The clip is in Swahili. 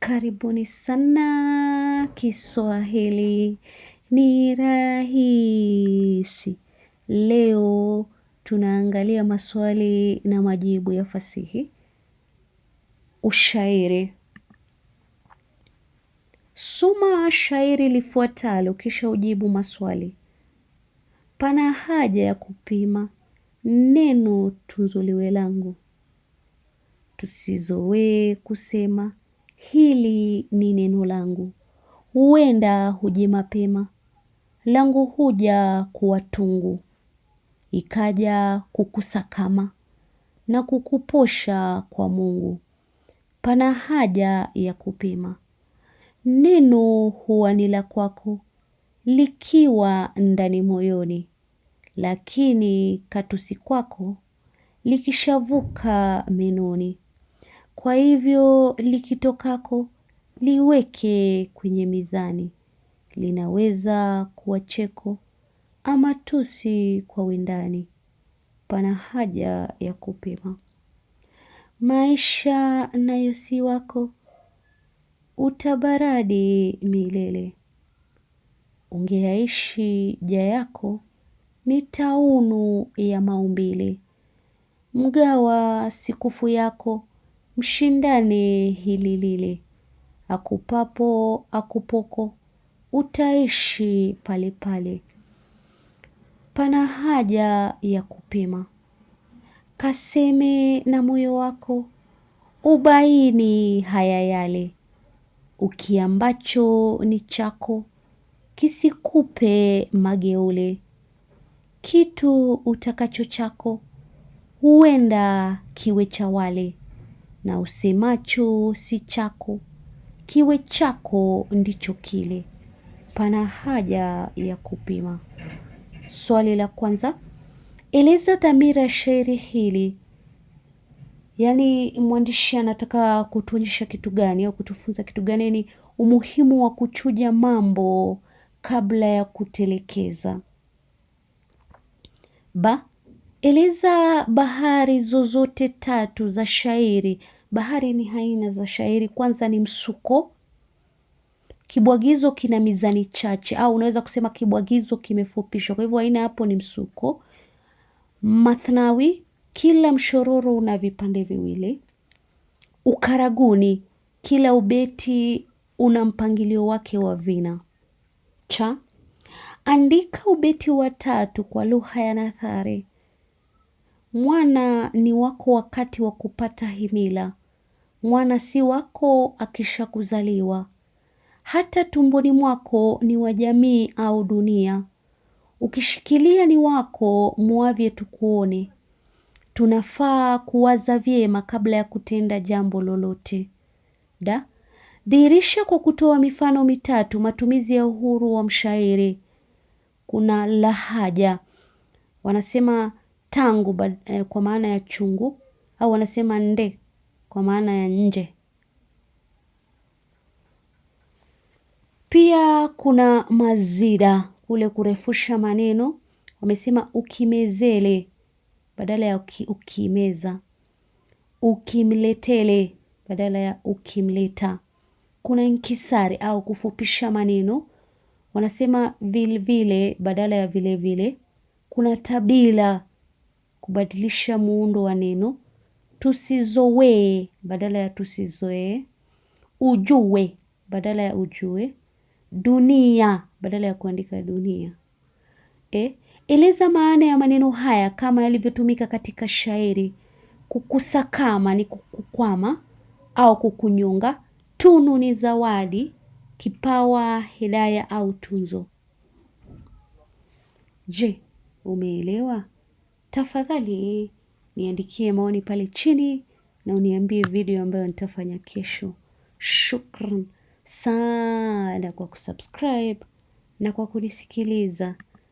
Karibuni sana kiswahili ni rahisi. Leo tunaangalia maswali na majibu ya fasihi, ushairi. Soma shairi lifuatalo kisha ujibu maswali. Pana haja ya kupima neno tunzuliwe langu. tusizowee kusema Hili ni neno langu. Huenda huje mapema. Langu huja kuwa tungu. Ikaja kukusakama na kukuposha kwa Mungu. Pana haja ya kupima. Neno huwa ni la kwako. Likiwa ndani moyoni. Lakini katusi kwako. Likishavuka menoni. Kwa hivyo likitokako, liweke kwenye mizani, linaweza kuwa cheko ama tusi kwa wendani, pana haja ya kupima. Maisha nayo si wako, utabaradi milele. Ungeyaishi ja yako, ni taunu ya maumbile. Mgawa sikufu yako, Mshindane hili lile, akupapo akupoko, utaishi pale pale. Pana haja ya kupima, kaseme na moyo wako, ubaini haya yale. Ukiambacho ni chako, kisikupe mageule. Kitu utakacho chako, huenda kiwe cha wale na usemacho si chako, kiwe chako ndicho kile. Pana haja ya kupima. Swali la kwanza, eleza dhamira ya shairi hili. Yaani mwandishi anataka kutuonyesha kitu gani au kutufunza kitu gani? Ni umuhimu wa kuchuja mambo kabla ya kutelekeza. Ba, Eleza bahari zozote tatu za shairi. Bahari ni aina za shairi, kwanza ni msuko, kibwagizo kina mizani chache, au unaweza kusema kibwagizo kimefupishwa, kwa hivyo aina hapo ni msuko. Mathnawi, kila mshororo una vipande viwili. Ukaraguni, kila ubeti una mpangilio wake wa vina. Cha, andika ubeti wa tatu kwa lugha ya nathari. Mwana ni wako wakati wa kupata himila. Mwana si wako akishakuzaliwa. Hata tumboni mwako ni wa jamii au dunia. Ukishikilia ni wako mwavye tukuone. Tunafaa kuwaza vyema kabla ya kutenda jambo lolote. Da, dhihirisha kwa kutoa mifano mitatu matumizi ya uhuru wa mshairi. Kuna lahaja. Wanasema tangu eh, kwa maana ya chungu au wanasema nde kwa maana ya nje. Pia kuna mazida kule kurefusha maneno wamesema ukimezele badala ya ukimeza. Ukimletele badala ya ukimleta. Kuna inkisari au kufupisha maneno wanasema vilvile badala ya vilevile. Kuna tabila kubadilisha muundo wa neno tusizowee badala ya tusizoee, ujue badala ya ujue, dunia badala ya kuandika dunia. E, eleza maana ya maneno haya kama yalivyotumika katika shairi. Kukusakama ni kukukwama au kukunyonga. Tunu ni zawadi, kipawa, hidaya au tunzo. Je, umeelewa? Tafadhali niandikie maoni pale chini na uniambie video ambayo nitafanya kesho. Shukran sana kwa kusubscribe na kwa kunisikiliza.